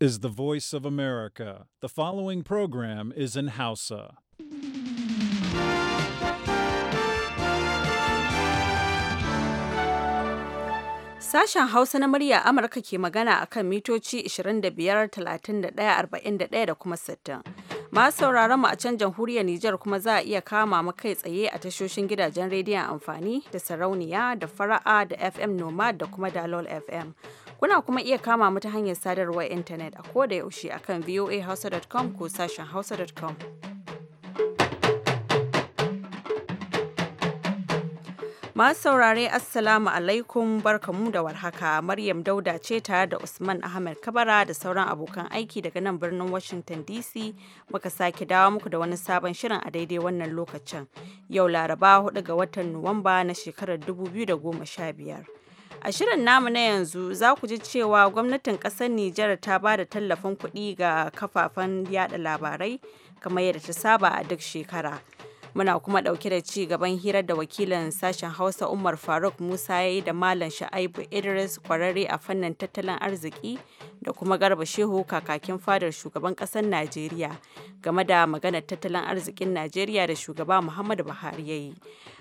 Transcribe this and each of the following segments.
is the voice of America. The following program is in Hausa. Sashen Hausa na murya Amurka ke magana a kan mitoci 25, 31, 41 da kuma 60. Masu sauraron mu a can jamhuriyar Nijar kuma za a iya kama mu kai tsaye a tashoshin gidajen rediyon amfani da sarauniya da fara'a da FM Nomad da kuma Dalol FM. Kuna kuma iya kama mu ta hanyar sadarwar intanet a koda yaushe akan voahausa.com ko sashen hausa.com. Masu saurare Assalamu alaikum barkamu da warhaka Maryam Dauda ce tare da Usman Ahmed Kabara da sauran abokan aiki daga nan birnin Washington DC muka sake dawo muku da wani sabon shirin a daidai wannan lokacin. Yau Laraba 4 ga watan Nuwamba na shekarar 2015. A shirin namu na yanzu za ku ji cewa gwamnatin ƙasar Nijar ta ba da tallafin kuɗi ga kafafen yada labarai kamar yadda ta saba a duk shekara. Muna kuma ɗauke da ci gaban hirar da wakilin sashen Hausa Umar Faruk Musa ya yi da Malam Sha'aibu Idris kwararre a fannin tattalin arziki da kuma Garba Shehu kakakin fadar shugaban ƙasar Najeriya game da maganar tattalin arzikin Najeriya da shugaba Muhammadu Buhari ya yi.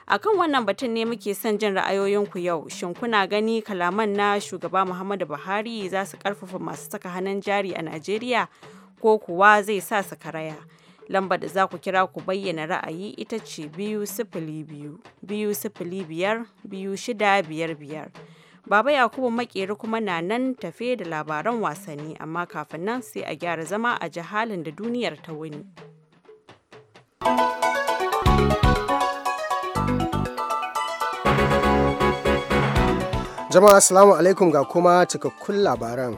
akan wannan batun ne muke son jin ra'ayoyinku yau shin kuna gani kalaman na shugaba muhammadu buhari za su karfafa masu saka hannun jari a najeriya ko kuwa zai sa su karaya Lambar da za ku kira ku bayyana ra'ayi ita ce biyu sifili biyu, biyu sifili biyar, biyu shida biyar biyar. Baba Yakubu Makeri kuma na nan tafe da labaran wasanni amma kafin nan sai a gyara zama a jihalin da duniyar ta wuni. Jama'a Assalamu alaikum ga kuma cikakkun labaran.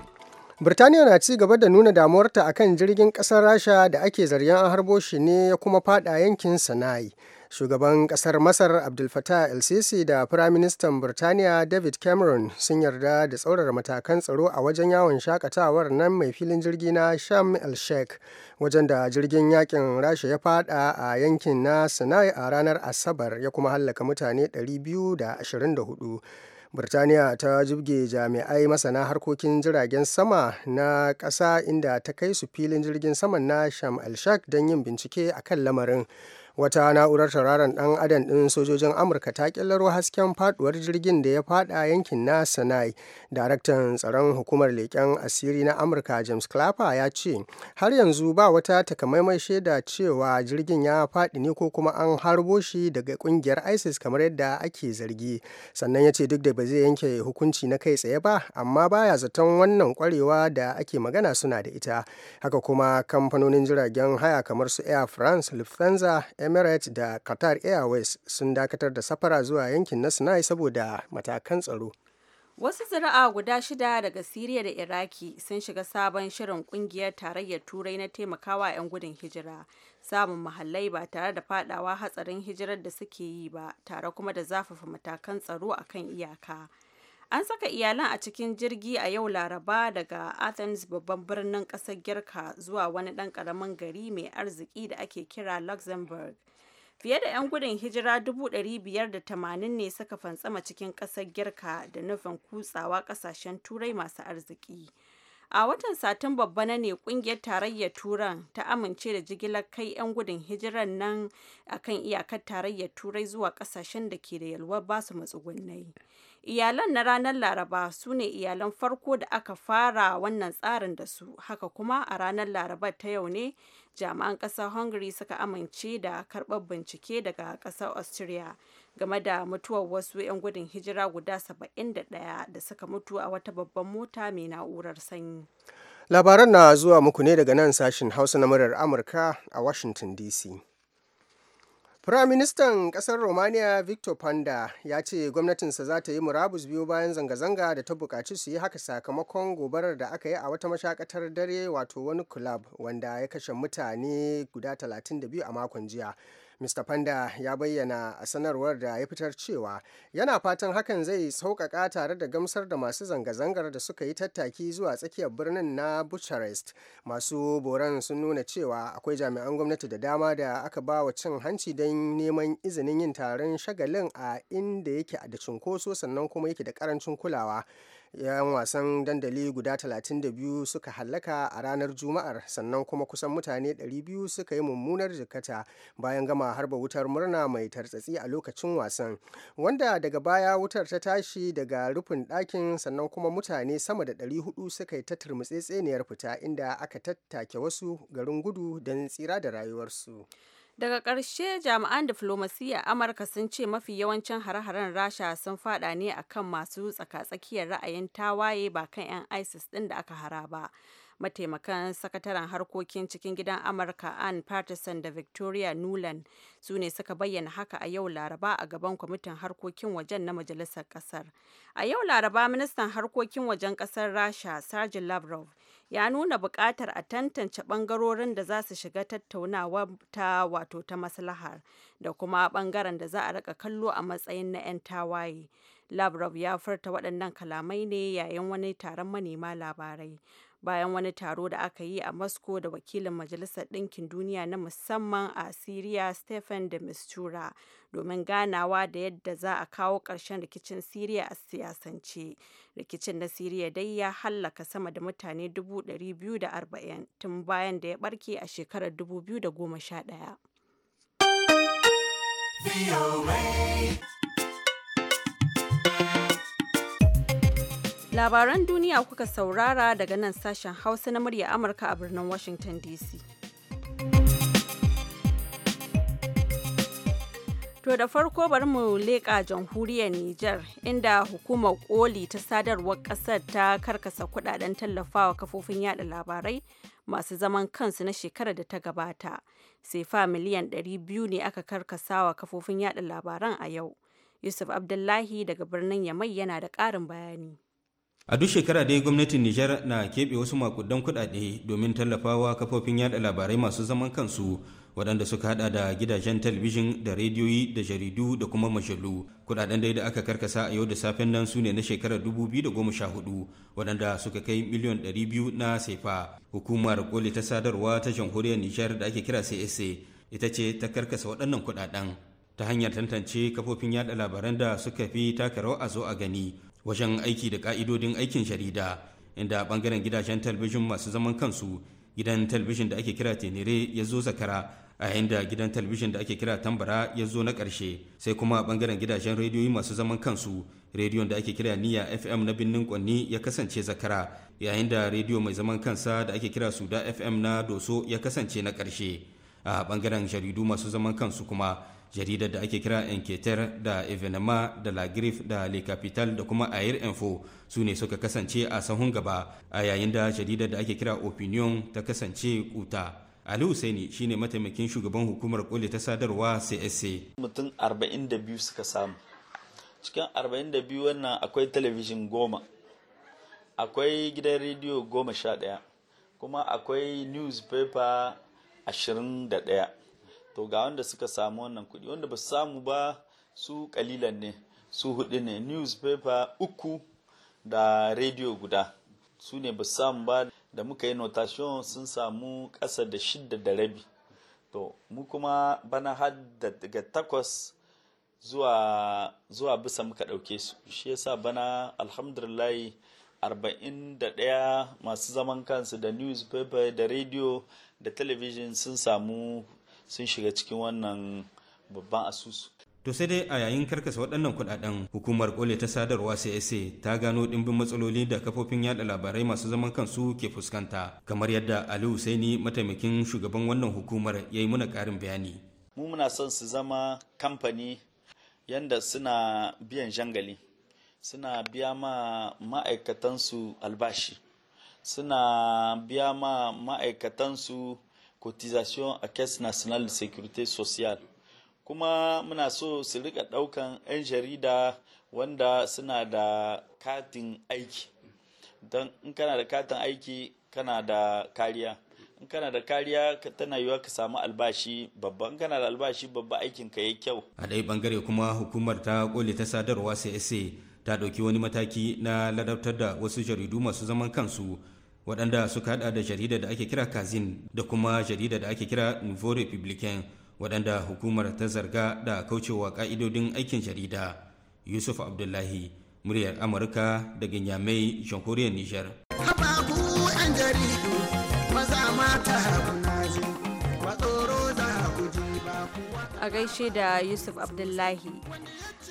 Birtaniya na ci gaba da nuna damuwarta akan jirgin ƙasar Rasha da ake zargin an harbo shi ne ya kuma fada yankin Sana'i. Shugaban ƙasar Masar Abdul Fattah el-Sisi da Firaministan Birtaniya David Cameron sun yarda da tsaurar matakan tsaro a wajen yawon shakatawar nan mai filin jirgi na Sham el-Sheikh wajen da jirgin yakin Rasha ya fada a yankin na Sana'i a ranar Asabar ya kuma hallaka mutane 224. birtaniya ta jibge jami'ai masana harkokin jiragen sama na ƙasa inda ta kai su filin jirgin saman na sham al shak don yin bincike a kan lamarin wata na'urar tauraron dan adam din sojojin amurka ta kyallaro hasken faduwar jirgin da ya fada yankin na sanai daraktan tsaron hukumar leƙen asiri na amurka james clapper ya ce har yanzu ba wata takamaiman shaida cewa jirgin ya faɗi ne ko kuma an harbo shi daga kungiyar isis kamar yadda ake zargi sannan ya ce duk da ba zai yanke hukunci na kai tsaye ba amma baya zaton wannan kwarewa da ake magana suna da ita haka kuma kamfanonin jiragen haya kamar su air france lufthansa emirates da qatar airways sun dakatar da safara zuwa yankin na sinai saboda matakan tsaro wasu zira'a guda shida daga siriya da iraki sun shiga sabon shirin kungiyar tarayyar turai na taimakawa 'yan gudun hijira samun mahallai ba tare da fadawa hatsarin hijirar da suke yi ba tare kuma da zafafa matakan tsaro akan iyaka An saka iyalan a cikin jirgi a yau Laraba daga Athens babban birnin ƙasar Girka zuwa wani ɗan karamin gari mai arziki da ake kira Luxembourg. Fiye da 'yan gudun hijira 580 ne suka fantsama cikin ƙasar Girka da nufin kutsawa ƙasashen Turai masu arziki. A watan Satin bana ne kungiyar tarayyar Turan ta amince da jigilar kai 'yan gudun hijirar nan akan iyakar tarayyar Turai zuwa kasashen da ke da yalwar basu matsugunai. Iyalan na ranar Laraba su ne iyalan farko da aka fara wannan tsarin da su, haka kuma a ranar laraba ta yau ne jami'an ƙasar Hungary suka amince da karɓar bincike daga ƙasar Austria game da mutuwar wasu 'yan gudun hijira guda 71 da suka mutu a wata babban mota mai na'urar sanyi. Labaran na zuwa muku ne daga nan sashin Hausa na murar Amurka a Washington DC. Firaministan ƙasar Romania Victor Panda ya ce gwamnatinsa za ta yi murabus biyu bayan zanga-zanga da ta buƙaci su yi haka sakamakon gobarar da aka yi a wata mashakatar dare wato wani kulab wanda ya kashe mutane guda 32 a makon jiya. mr panda ya bayyana a sanarwar da ya fitar cewa yana fatan hakan zai sauƙaƙa tare da gamsar da masu zanga-zangar da suka yi tattaki zuwa tsakiyar birnin na bucharest masu boran sun nuna cewa akwai jami'an gwamnati da dama da aka ba wa cin hanci don neman izinin yin taron shagalin a inda yake da cunkoso sannan kuma yake da karancin kulawa yan wasan dandali guda 32 suka hallaka a ranar juma'ar sannan kuma kusan mutane 200 suka yi mummunar jikata bayan gama harba wutar murna mai tartsatsi a lokacin wasan wanda daga baya wutar ta tashi daga rufin ɗakin sannan kuma mutane sama da 400 suka yi ta turmutsetseniyar fita inda aka tattake wasu garin gudu don tsira da rayuwarsu. Daga ƙarshe jami'an diflomasiyya Amurka sun ce mafi yawancin hare-haren Rasha sun fada ne a kan masu tsaka-tsakiyar ra'ayin tawaye ba kan 'yan ISIS ɗin da aka hara ba. mataimakan sakataren harkokin cikin gidan amurka ann patterson da victoria nuland su ne suka bayyana haka a yau laraba a gaban kwamitin harkokin wajen na majalisar kasar a yau laraba ministan harkokin wajen kasar rasha sergei lavrov ya nuna buƙatar a tantance ɓangarorin da za su shiga tattaunawa ta wato ta maslahar da kuma ɓangaren da za a rika kallo a matsayin na 'yan tawaye. Lavrov ya furta waɗannan kalamai ne yayin wani taron manema labarai. bayan wani taro da aka yi a Moscow da wakilin Majalisar Ɗinkin Duniya na musamman a Siriya Stephen de Mistura domin ganawa da yadda za a kawo ƙarshen rikicin Siriya a siyasance. Rikicin na Siriya dai ya hallaka sama da mutane 240 tun bayan da ya barke a shekarar 2011. Labaran duniya kuka saurara daga nan sashen Hausa na murya Amurka a birnin Washington DC. To da farko bari mu leƙa jamhuriyar Nijar inda hukumar koli ta sadarwar ƙasar ta karkasa kudaden tallafawa kafofin yada labarai masu zaman kansu na shekarar da ta gabata. Sefa miliyan 200 ne aka karkasa wa kafofin yada labaran a yau. Yusuf Abdullahi daga birnin Yamai yana da ƙarin bayani. a duk shekara dai gwamnatin nijar na keɓe wasu makudan kuɗaɗe domin tallafawa kafofin yada labarai masu zaman kansu waɗanda suka hada da gidajen talabijin da rediyoyi da jaridu da kuma majalu kuɗaɗen dai da aka karkasa a yau da safen nan su ne na shekarar 2014 waɗanda suka kai miliyan 200 na saifa hukumar koli ta sadarwa ta jamhuriyar nijar da ake kira csa ita ce ta karkasa waɗannan kuɗaɗen ta hanyar tantance kafofin yada labaran da suka fi taka rawa a zo a gani wajen aiki da ka'idodin aikin jarida inda bangaren gidajen talbijin masu zaman kansu gidan talbijin da ake kira tenere ya zo zakara a yayin da gidan talbijin da ake kira tambara ya zo na ƙarshe sai kuma bangaren gidajen rediyoyi masu zaman kansu rediyon da ake kira niya fm na birnin kwanni ya kasance zakara yayin da rediyo mai zaman kansa da ake kira suda fm na doso ya kasance na ƙarshe a bangaren jaridu masu zaman kansu kuma jaridar da ake kira enketer da evenema da la griffe da le capital da kuma air info su ne suka kasance a sahun gaba a yayin da jaridar da ake kira opinion ta kasance kuta Ali Husaini shine mataimakin shugaban hukumar koli ta sadarwa CSC. Mutum 42 suka samu. Cikin 42 wannan akwai talabijin goma, akwai gidan rediyo goma sha ɗaya, kuma akwai newspaper ashirin da ɗaya. to ga wanda suka samu wannan kuɗi wanda ba su samu ba su kalilan ne su hudu ne newspaper uku da rediyo guda su ne ba su samu ba da muka yi notation sun samu ƙasa da shida da rabi to mu kuma bana har daga takwas zuwa zuwa bisa muka ɗauke su shi yasa bana alhamdulillahi arba'in da ɗaya masu zaman kansu da newspaper da radio da television sun samu sun shiga cikin wannan babban asusu to sai dai a yayin karkasa waɗannan kuɗaɗen hukumar kole ta sadarwa csa ta gano ɗimbin matsaloli da kafofin yada labarai masu zaman kansu ke fuskanta kamar yadda ali husaini mataimakin shugaban wannan hukumar ya yi muna ƙarin bayani mu muna son su zama kamfani yanda suna biyan jangali suna biya ma ma'aikatansu albashi suna biya ma ma'aikatansu cotisation a caisse national de sécurité sociale kuma muna so su rika ɗaukan 'yan jarida wanda suna da katin aiki don in kana da katin aiki kana da kariya in kana da kariya tana yiwuwa ka samu albashi babba in kana da albashi babba aikin ka yi kyau a ɗaya bangare kuma hukumar ta kole ta sadarwa sai ta ɗauki wani mataki na ladabtar da wasu jaridu masu zaman kansu waɗanda suka hada da jarida da ake kira kazin da kuma jarida da ake kira nouveau republicain waɗanda hukumar ta zarga da kaucewa ƙa'idodin aikin jarida yusuf abdullahi muryar amurka daga nyamai jamhuriyar nijar a gaishe da Yusuf Abdullahi.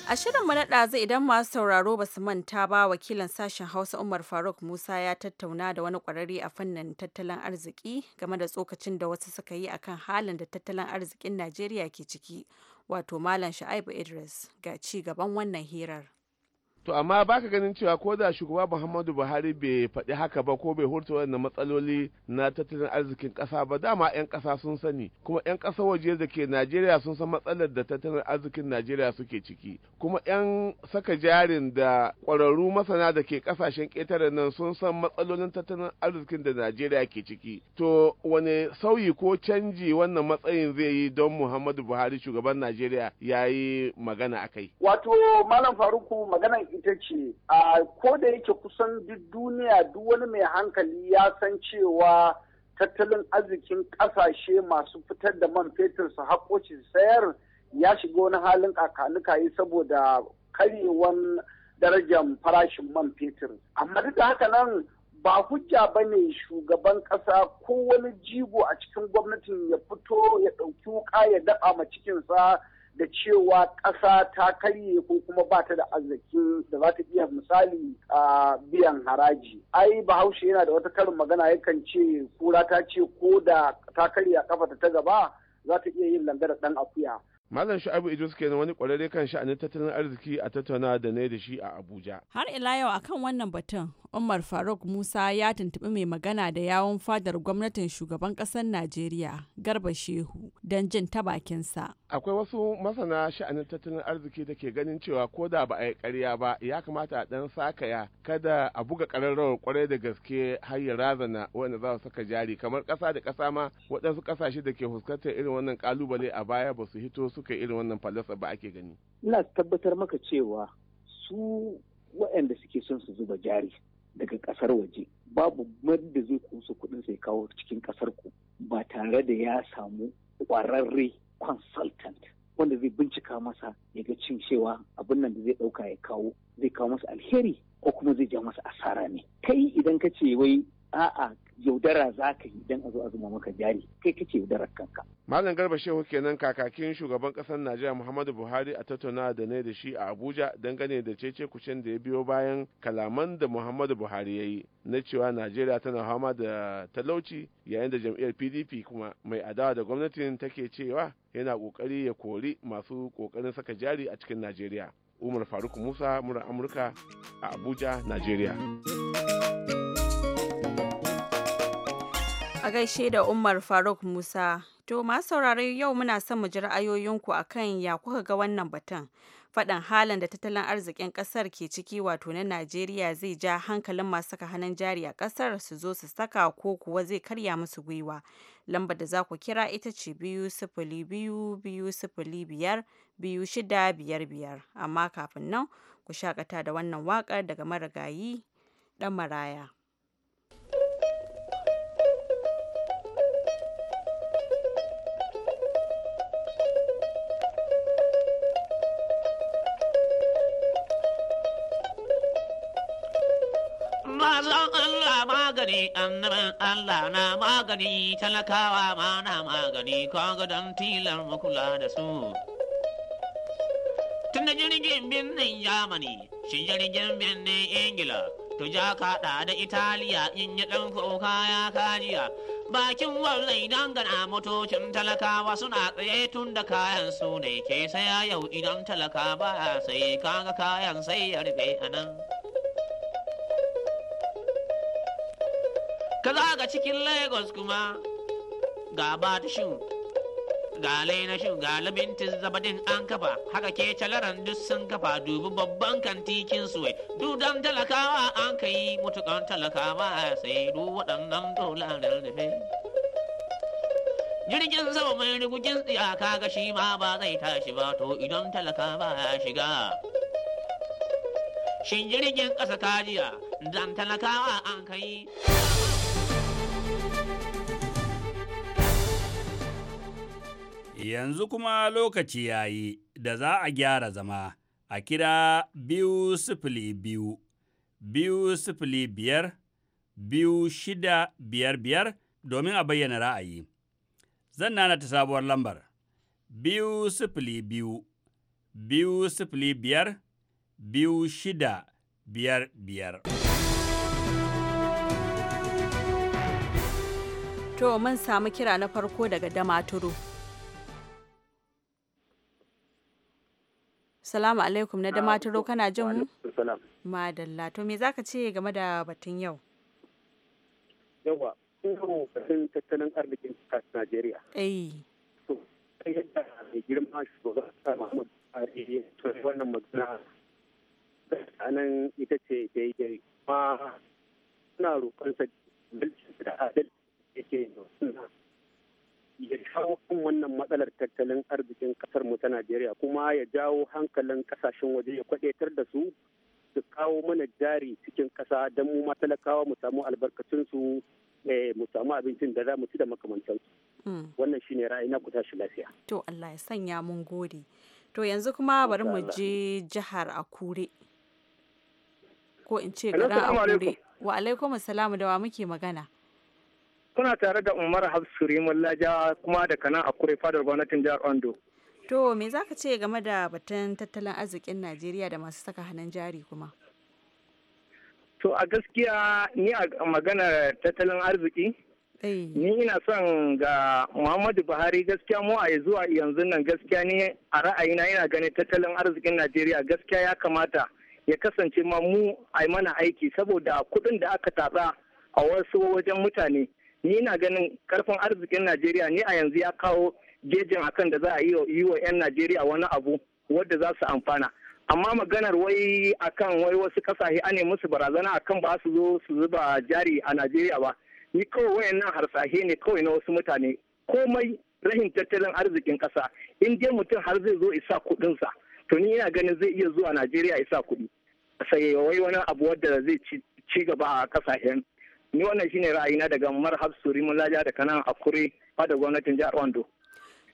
A shirin manaɗa zai idan masu sauraro ba su manta ba wakilan sashen Hausa Umar Faruk Musa ya tattauna da wani ƙwararre a fannin tattalin arziki game da tsokacin da wasu suka yi akan halin da tattalin arzikin Najeriya ke ciki, wato Malam Sha'ibu Idris ga ci gaban wannan hirar. to amma baka ganin cewa ko da shugaba muhammadu buhari bai faɗi haka ba ko bai hurta wannan matsaloli na tattalin arzikin ƙasa ba dama 'yan ƙasa sun sani kuma 'yan ƙasa waje da ke najeriya sun san matsalar da tattalin arzikin najeriya suke ciki kuma 'yan saka jarin da ƙwararru masana da ke ƙasashen ƙetare nan sun san matsalolin tattalin arzikin da najeriya ke ciki to wani sauyi ko canji wannan matsayin zai yi don muhammadu buhari shugaban najeriya ya yi magana a kai wato malam faruku magana. ita ce a ko da yake kusan duk duniya duk wani mai hankali ya san cewa tattalin arzikin ƙasashe masu fitar da man fetur su haƙoci sayar ya shiga wani halin kakanikayi saboda karyewan darajar farashin man fetur. Amma duk da haka nan ba hujja ba ne shugaban ƙasa ko wani jigo a cikin gwamnatin ya fito ya ɗauki wuƙa ya daɓa ma cikinsa da cewa ƙasa ta karye ko kuma ba ta da arzikin da za ta iya misali a biyan haraji ai bahaushe yana da wata karin magana yakan ce kura ta ce ko da ta karye karya kafa ta gaba za ta iya yin langar ɗan akuya Malam Shu'abu Idris kenan wani kwararre kan sha'anin tattalin arziki a tattauna da ne da shi a Abuja. Har ila yau akan wannan batun, Umar Faruk Musa ya tuntuɓi mai magana da yawon fadar gwamnatin shugaban ƙasar Najeriya, Garba Shehu, don jin ta bakinsa. Akwai wasu masana sha'anin tattalin arziki da ke ganin cewa ko da ba a yi karya ba, ya kamata a ɗan sakaya kada a buga ƙararrawar ƙwarai da gaske har ya razana wanda za su saka jari kamar ƙasa da ƙasa ma waɗansu ƙasashe da ke fuskantar irin wannan ƙalubale a baya ba su hito suka irin wannan fallasa ba ake gani ina tabbatar maka cewa su waɗanda suke son su zuba jari daga ƙasar waje babu da zai kusa kuɗin sai kawo cikin ƙasar ku ba tare da ya samu ƙwararre consultant wanda zai bincika masa ya ga cin cewa abin nan da zai ɗauka ya kawo zai kawo masa alheri ko kuma zai ja masa asara ne kai idan ka ce wai a'a yaudara za ka yi don a zo a zuma maka jari kai kake yaudarar kanka. Malam Garba Shehu kenan kakakin shugaban ƙasar Najeriya Muhammadu Buhari a tattauna da ne da shi a Abuja dangane da cece kucin da ya biyo bayan kalaman da Muhammadu Buhari ya yi na cewa Najeriya tana hama da talauci yayin da jam'iyyar PDP kuma mai adawa da gwamnatin take cewa yana ƙoƙari ya kori masu ƙoƙarin saka jari a cikin Najeriya. Umar Faruk Musa, Murar Amurka a Abuja, Najeriya. gaishe da Umar Faruk Musa. To masu saurare yau muna son mu ji ra'ayoyinku kan ya kuka ga wannan batun. Faɗin halin da tattalin arzikin ƙasar ke ciki wato na Najeriya zai ja hankalin masu saka hannun jari a ƙasar su zo su saka ko kuwa zai karya musu gwiwa. Lambar da za ku kira ita ce biyu sifili biyu biyu sifili biyar biyu shida biyar biyar. Amma kafin nan ku shakata da wannan waƙar daga marigayi ɗan maraya. magani annaban Allah na magani talakawa ma na magani kaga don tilar makula da su. Tun da jirgin birnin Yamani, shi jirgin birnin Ingila, tuja kaɗa da Italiya in yi ɗan kaya kajiya. Bakin wallai dangana motocin talakawa suna tsaye tun da kayan su ne ke saya yau idan talaka ba sai kaga kayan sai ya rufe anan. nan. ka za zaga cikin lagos kuma ga batishin ga lainashin ga labintin zabadin an kafa haka ke calaran duk sun kafa dubi babban kantikin suwai dudan talakawa an ka yi mutukan talakawa sai du waɗannan dolarar nufi jirgin sama mai rigugin tsiyaka ga shi ma ba zai tashi ba to idan talakawa ya shiga shin jirgin ƙasa kajiya dan talakawa an ka yi Yanzu kuma lokaci ya yi da za a gyara zama a kira biyu sifili biyu, biyu sifili biyar, biyu shida biyar biyar domin a bayyana ra'ayi. Zan nana ta sabuwar lambar biyu sifili biyu, biyu sifili biyar, biyu shida biyar biyar. To mun samu kira na farko daga Damaturu. Salamu alaikum na turo kana jin mu? Madalla. To me zaka ce game da batun yau? Yawa, yau batun tattalin arzikin kasar Najeriya. Eh. To, yadda mai girma shugaban samu a Buhari to wannan magana anan ita ce daidai ma suna roƙon sa da adalci yake yi ya kawo kan wannan matsalar tattalin arzikin kasar mu ta Najeriya kuma ya jawo hankalin kasashen waje ya kwadaitar da su su kawo mana jari cikin kasa don mu matalakawa mu samu albarkacin su eh, mu samu abincin da za mu ci da makamantan hmm. wannan shine ra'ayi na ku tashi lafiya to Allah ya sanya mun gode to yanzu kuma bari mu je jihar Akure ko in ce garin Akure wa alaikum assalamu da wa muke magana kuna tare da umar hafsu rimullaja kuma da kana a kure fadar gwamnatin jihar ondo to me za ka ce game da batun tattalin arzikin najeriya da masu saka hannun jari kuma to a gaskiya ni a maganar tattalin arziki eh. ni ina son ga muhammadu buhari gaskiya mu a zuwa yanzu nan gaskiya ni a ra'ayina yana ganin tattalin arzikin najeriya gaskiya ya kamata ya kasance ma mu a mana aiki saboda kuɗin da aka tatsa a wasu wajen mutane ni na ganin karfin arzikin najeriya ne a yanzu ya kawo gejin akan da za a yi wa 'yan najeriya wani abu wadda za su amfana amma maganar wai akan wai wasu kasashe ane musu barazana akan ba su zo su zuba jari a najeriya ba ni kawai wayannan harsashe ne kawai na wasu mutane komai rahin tattalin arzikin kasa in dai mutum har zai zo isa kuɗinsa to ni ina ganin zai iya zuwa najeriya isa kuɗi sai wai wani abu wadda zai ci gaba a kasashen ni wannan shine ra'ayina daga marhab suri laja da kanan akure da gwamnatin jihar wando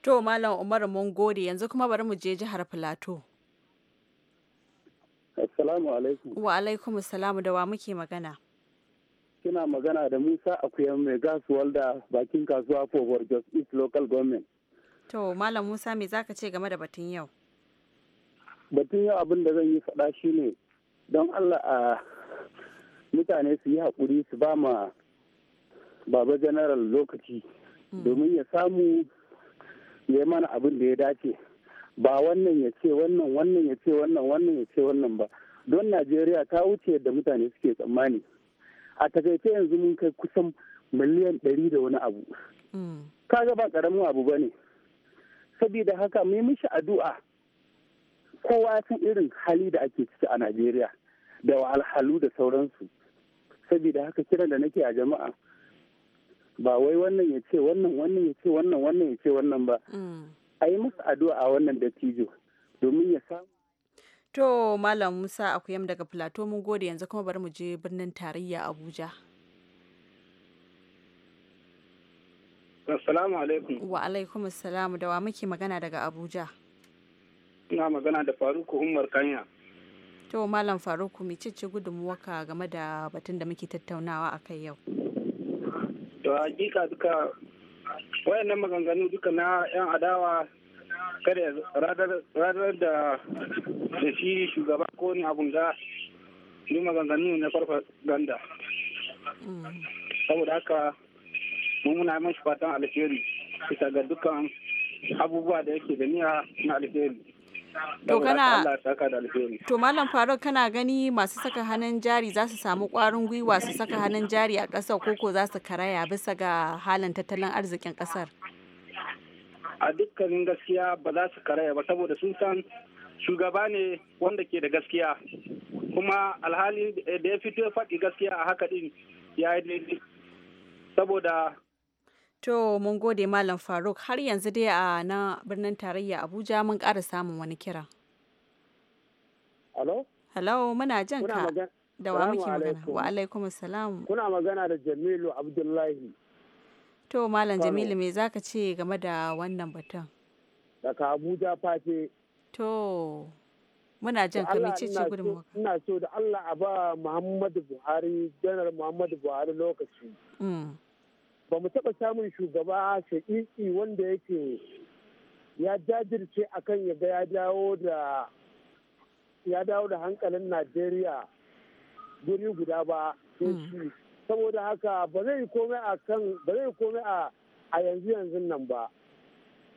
to malam umar mun gode yanzu kuma bari mu je jihar filato assalamu alaikum wa alaikum assalamu da wa muke magana kina magana da musa akuyan mai gasuwar walda bakin kasuwa for jos east local government to malam musa me zaka ce game da batun yau batun yau abin da zan yi faɗa shine don allah a mutane su yi haƙuri su ba ma baba general lokaci hmm. domin ya samu ya yi mana abin da ya dace ba wannan ya ce wannan wannan ya ce wannan wannan ya ce wannan ba don najeriya ta wuce yadda mutane suke tsammani a takaice yanzu mun kai kusan miliyan ɗari da wani abu hmm. kaga ba ƙaramin abu ba ne saboda haka mai mishi addu'a kowa san irin hali da ake ciki a najeriya da wahalhalu da sauransu saboda haka kiran da nake a jama'a ba wai wannan ya ce wannan wannan ya ce wannan wannan ya ce wannan ba mm. a yi masa addu'a a wannan dattijo domin ya samu to malam musa akuyam daga plateau mun gode yanzu kuma bari mu je birnin tarayya abuja Assalamu alaikum. Wa alaikum assalamu da wa muke magana daga Abuja. Ina magana da Faruku Umar Kanya. To Malam Faruk mu gudun waka game da batun da muke tattaunawa a kai yau. To hakika duka wayannan maganganu duka na 'yan adawa kada radar da da shi shugaba ko wani abun da ni maganganu na farfa ganda. Mm. Saboda haka mun muna mashi fatan alheri bisa ga dukan abubuwa da yake da niyya na alheri. To kana To Malam Faruk kana gani masu saka hannun jari za su samu kwarin gwiwa su saka hannun jari a ƙasar koko za su karaya bisa ga halin tattalin arzikin ƙasar. A dukkanin gaskiya ba za su karaya ba saboda sun san shugaba ne wanda ke da gaskiya kuma alhali da ya fito ya faɗi gaskiya a haka din ya yi saboda To mun gode Malam Faruk har yanzu dai a na birnin tarayya Abuja mun ƙara samun wani kira. Halo? Halo muna jan ka. Da wa muke magana? Wa alaikum salam. Kuna magana da Jamilu Abdullahi. To Malam Jamilu me zaka ce game da wannan batun? Daga Abuja face. To muna jan ka mece ce gudunmuwa? Ina so da Allah a ba Muhammadu Buhari, Janar Muhammadu Buhari lokaci. Mm. ba mu taɓa samun shugaba shaƙiƙi wanda yake ya jajirce akan ya ga ya dawo da hankalin najeriya guri guda ba hmm. shi saboda haka ba zai yi komai a kan ba zai komai a yanzu yanzu nan ba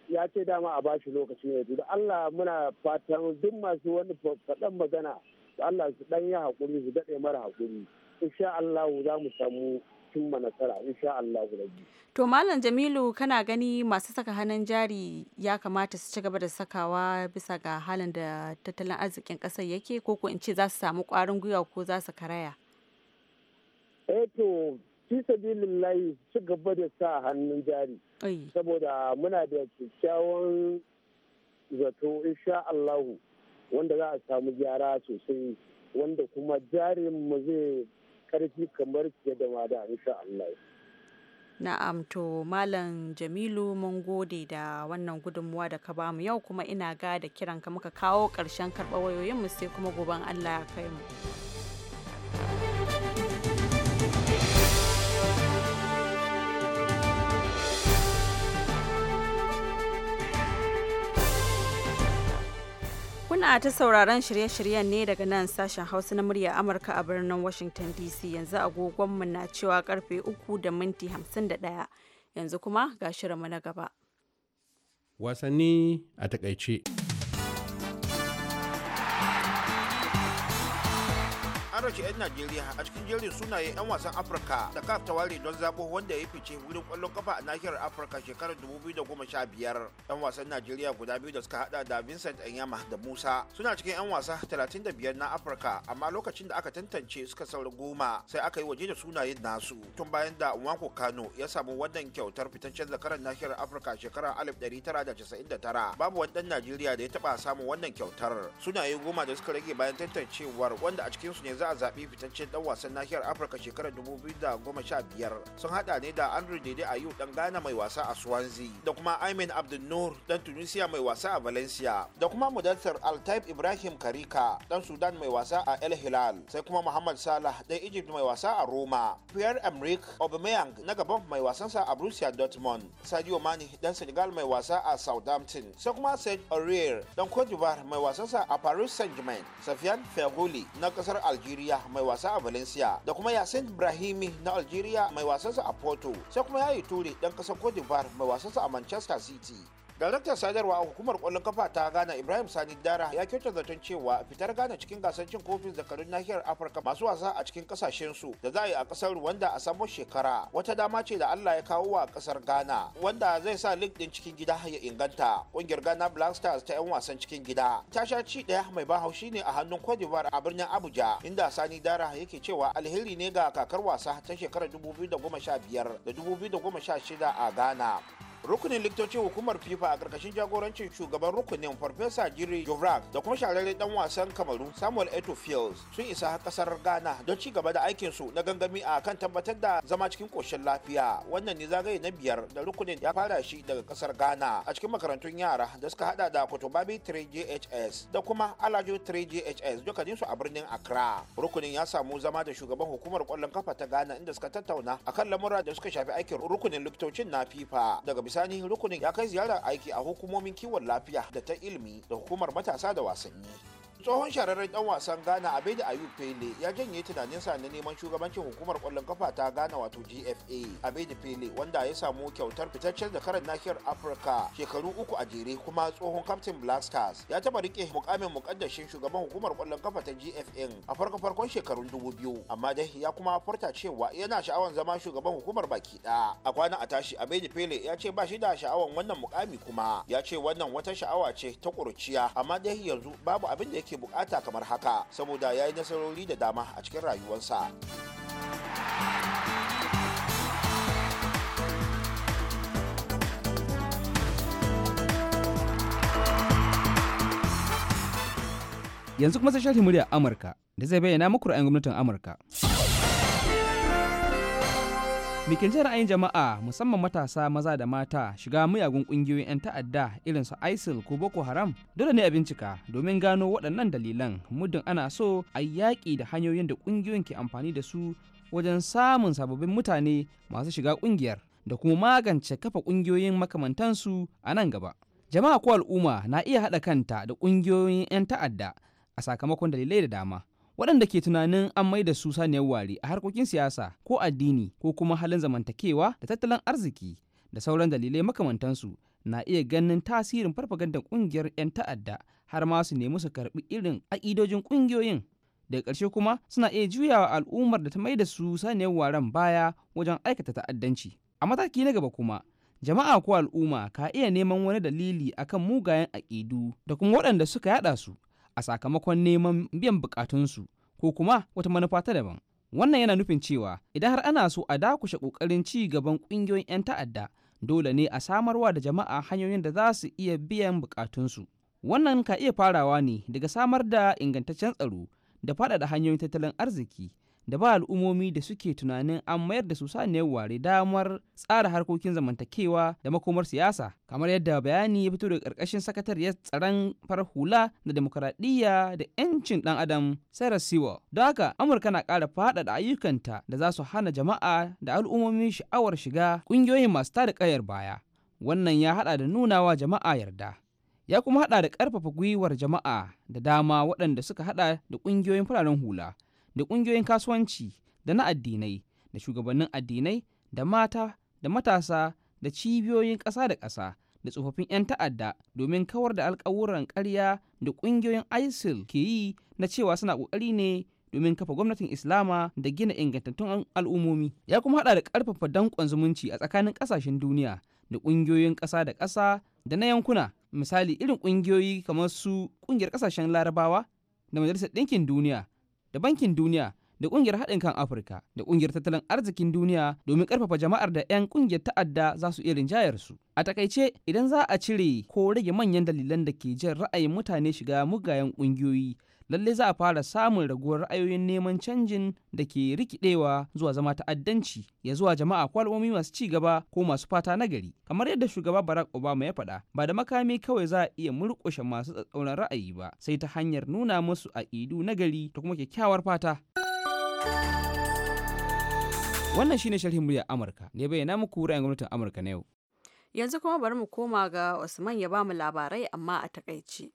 ya ce dama a bashi lokacin yanzu da Allah muna fatan duk masu wani faɗan magana da Allah su ɗan yi haƙuri su daɗe mara haƙuri insha Allah za mu samu cimma nasara insha Allah to malam Jamilu kana gani masu saka hannun jari ya kamata su ci gaba da sakawa bisa ga halin da tattalin arzikin kasar yake ko ko in ce za su samu kwarin gwiwa ko za su karaya eh to fi layi ci gaba da sa hannun jari saboda muna da kyakkyawan zato insha Allahu wanda za a samu gyara sosai wanda kuma jarin mu zai karfi kamar fiye da insha Allah. Na'am to Malam Jamilu mun gode da wannan gudunmuwa da ka bamu yau kuma ina ga da kiran ka muka kawo ƙarshen karɓar wayoyinmu sai kuma goben Allah ya kai mu. Kuna ta sauraron shirye-shiryen ne daga nan sashen Hausa na murya Amurka a birnin Washington DC yanzu agogonmu na cewa karfe 3 da minti 51 yanzu kuma ga shirinmu na gaba. Wasanni a takaice. ɗauki 'yan Najeriya a cikin jerin sunaye 'yan wasan Afirka da kaf ta ware don zabo wanda ya fice wurin kwallon kafa a nahiyar Afirka shekarar 2015. 'Yan wasan Najeriya guda biyu da suka hada da Vincent Anyama da Musa suna cikin 'yan wasa 35 na Afirka amma lokacin da aka tantance suka saura goma sai aka yi waje da sunayen nasu tun bayan da Nwako Kano ya samu wannan kyautar fitaccen zakarar nahiyar Afirka shekarar 1999 babu wani dan Najeriya da ya taba samun wannan kyautar sunaye goma da suka rage bayan tantancewar wanda a cikinsu ne za a zaɓi fitaccen ɗan wasan nahiyar Afirka shekarar biyar sun haɗa ne da Andrew Dede ayu ɗan Ghana mai wasa a Swansea da kuma Ayman Abdul Nur ɗan Tunisia mai wasa a Valencia da kuma mudassar Altaib Ibrahim Karika ɗan Sudan mai wasa a El Hilal sai kuma Muhammad Salah ɗan Egypt mai wasa a Roma Pierre Emerick Aubameyang na gabon mai wasansa a Borussia Dortmund Sadio mani ɗan Senegal mai wasa a Southampton sai kuma Serge Aurier ɗan Cote d'Ivoire mai wasansa a Paris Saint-Germain Safian Fergoli na kasar Algeria Algeria mai wasa a Valencia da kuma Yasin Ibrahimi na Algeria mai wasansa a Porto sai kuma Yayi Ture dan kasar Cote d'Ivoire mai wasansa a Manchester City. daraktan sadarwa a hukumar kwallon kafa ta ghana ibrahim sani dara ya kyauta zaton cewa fitar ghana cikin gasar cin kofin zakarun nahiyar afirka masu wasa a cikin kasashen su da za a yi a kasar rwanda a samun shekara wata dama ce da allah ya kawo wa kasar ghana wanda zai sa link din cikin gida ya inganta kungiyar ghana black stars ta yan wasan cikin gida ta sha ci daya mai ban haushi ne a hannun cote d'ivoire a birnin abuja inda sani dara yake cewa alheri ne ga kakar wasa ta shekarar 2015 da 2016 a ghana rukunin likitocin hukumar fifa a karkashin jagorancin shugaban rukunin farfesa jiri jovrak da kuma shahararre dan wasan kamaru samuel eto fields sun isa kasar ghana don ci gaba da aikinsu na gangami a kan tabbatar da zama cikin koshin lafiya wannan ne zagaye na biyar da rukunin ya fara shi daga kasar ghana a cikin makarantun yara da suka hada da kotobabi 3jhs da kuma alajo 3jhs dukkaninsu a birnin accra rukunin ya samu zama da shugaban hukumar kwallon kafa ta ghana inda suka tattauna akan lamura da suka shafi aikin rukunin likitocin na fifa daga bisa bisani rukunin ya kai ziyarar aiki a hukumomin kiwon lafiya da ta ilimi da hukumar matasa da wasanni tsohon shahararren dan wasan ghana abedi ayub pele ya janye tunaninsa na neman shugabancin hukumar kwallon kafa ta ghana wato gfa abedi pele wanda ya samu kyautar fitaccen zakarar nahiyar afirka shekaru uku a jere kuma tsohon captain black ya taba rike mukamin mukaddashin shugaban hukumar kwallon kafa ta gfn a farko farkon shekarun dubu biyu amma dai ya kuma furta cewa yana sha'awan zama shugaban hukumar baki ɗaya a kwana a tashi abedi pele ya ce ba shi da sha'awan wannan mukami kuma ya ce wannan wata sha'awa ce ta kuruciya amma dai yanzu babu abin da yake ake bukata kamar haka saboda ya yi nasarori da dama a cikin rayuwarsa. Yanzu kuma sai shafi murya Amurka da zai bayyana muku ra'ayin gwamnatin Amurka. bikince ra'ayin jama'a musamman matasa maza da mata shiga miyagun kungiyoyin 'yan ta'adda irin su isil ko boko haram dole ne a bincika domin gano waɗannan dalilan muddin ana so a yaƙi da hanyoyin da kungiyoyin ke amfani da su wajen samun sababbin mutane masu shiga kungiyar da kuma magance kafa kungiyoyin makamantansu a nan gaba jama'a ko al'umma na iya haɗa kanta da kungiyoyin 'yan ta'adda a sakamakon dalilai da dama waɗanda ke tunanin an mai da su saniyar wari a harkokin siyasa ko addini ko kuma halin zamantakewa da tattalin arziki da sauran dalilai makamantansu na iya ganin tasirin farfagandar ƙungiyar 'yan ta'adda har ma su nemi su karɓi irin aƙidojin ƙungiyoyin daga ƙarshe kuma suna iya juyawa al'ummar da ta mai da su saniyar waren baya wajen aikata ta'addanci a mataki na gaba kuma jama'a ko al'umma ka iya neman wani dalili akan mugayen aƙidu da kuma waɗanda suka yaɗa su a sakamakon neman biyan bukatunsu ko kuma wata manufa ta daban wannan yana nufin cewa idan har ana so a dakushe kokarin ci gaban kungiyoyin 'yan ta'adda dole ne a samarwa da jama'a hanyoyin da za su iya biyan bukatunsu wannan ka iya farawa ne daga samar da ingantaccen tsaro da faɗaɗa hanyoyin tattalin arziki da ba al'ummomi da suke tunanin an mayar da su saniyar ware damar tsara harkokin zamantakewa da makomar siyasa kamar yadda bayani ya fito da ƙarƙashin sakatariyar tsaron farar hula da demokradiyya da 'yancin ɗan adam sarah siwa don haka amurka na ƙara faɗaɗa ayyukanta da za su hana jama'a da al'ummomi sha'awar shiga ƙungiyoyin masu tada ƙayar baya wannan ya haɗa da nunawa jama'a yarda ya kuma haɗa da ƙarfafa gwiwar jama'a da dama waɗanda suka haɗa da ƙungiyoyin fararen hula da ƙungiyoyin kasuwanci da na addinai da shugabannin addinai da mata da matasa da cibiyoyin ƙasa da ƙasa da tsofaffin 'yan ta'adda domin kawar da alkawuran ƙarya da ƙungiyoyin isil ke yi na cewa suna ƙoƙari ne domin kafa gwamnatin islama da gina ingantattun al'ummomi ya kuma haɗa da ƙarfafa danƙon zumunci a tsakanin ƙasashen duniya da ƙungiyoyin ƙasa da ƙasa da na yankuna misali irin ƙungiyoyi kamar su ƙungiyar ƙasashen larabawa da majalisar ɗinkin duniya da bankin duniya da kungiyar haɗin kan afirka da kungiyar tattalin arzikin duniya domin ƙarfafa jama'ar da 'yan kungiyar ta'adda za su iya rinjayar su a takaice idan za a cire ko rage manyan dalilan da ke jan ra'ayin mutane shiga mugayen ƙungiyoyi. lalle za a fara samun raguwar ra'ayoyin neman canjin da ke rikidewa zuwa zama ta'addanci ya zuwa jama'a ko al'ummomi masu ci gaba ko masu fata na gari kamar yadda shugaba barack obama ya faɗa ba da makami kawai za a iya murƙushe masu tsatsauran ra'ayi ba sai ta hanyar nuna musu aƙidu na gari da kuma kyakkyawar fata wannan shine sharhin muryar amurka ne bayyana muku ra'ayin gwamnatin amurka na yau yanzu kuma bari mu koma ga wasu manya ba mu labarai amma a takaici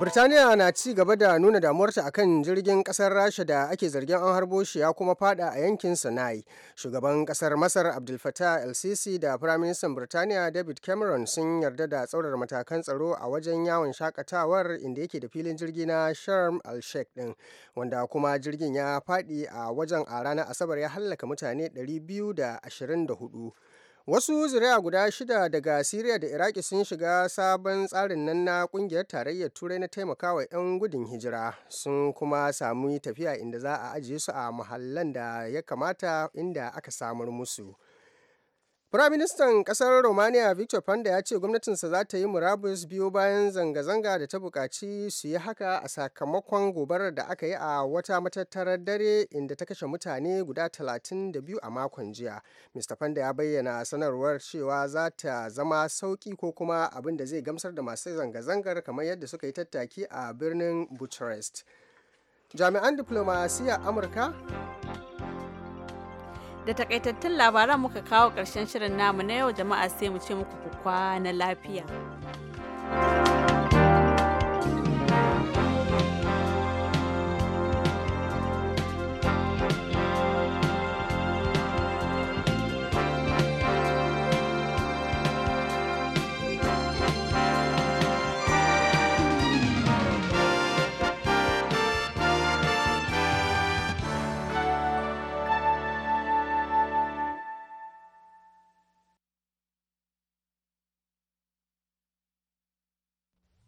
Birtaniya na ci gaba da nuna damuwarta akan jirgin kasar Rasha da ake zargin an harbo shi ya kuma fada a yankin Sinai. Shugaban kasar Masar Abdul Fattah el-Sisi da Firaministan Birtaniya David Cameron sun yarda da tsaurar matakan tsaro a wajen yawon shakatawar inda yake da filin jirgi na Sharm el-Sheikh din, wanda kuma jirgin ya fadi a wajen a ranar Asabar ya hallaka mutane 224. wasu zuriya guda shida daga siriya da iraki sun shiga sabon tsarin nan na kungiyar tarayyar turai na taimakawa 'yan gudun hijira sun kuma sami tafiya inda za a ajiye su a muhallan da ya kamata inda aka samar musu Firaministan ƙasar Romania Victor panda ya ce gwamnatinsa za ta yi murabus biyu bayan zanga-zanga da ta bukaci su yi haka a sakamakon gobarar da aka yi a wata matattarar dare inda ta kashe mutane guda 32 a makon jiya. Mr. panda ya bayyana sanarwar cewa za ta zama sauki ko kuma abin da zai gamsar da masu zanga-zangar kamar yadda suka yi tattaki a birnin Bucharest. Jami'an diflomasiyyar Amurka da takaitattun labaran muka kawo ƙarshen shirin namu na yau jama'a sai mu ce muku ku kwana lafiya.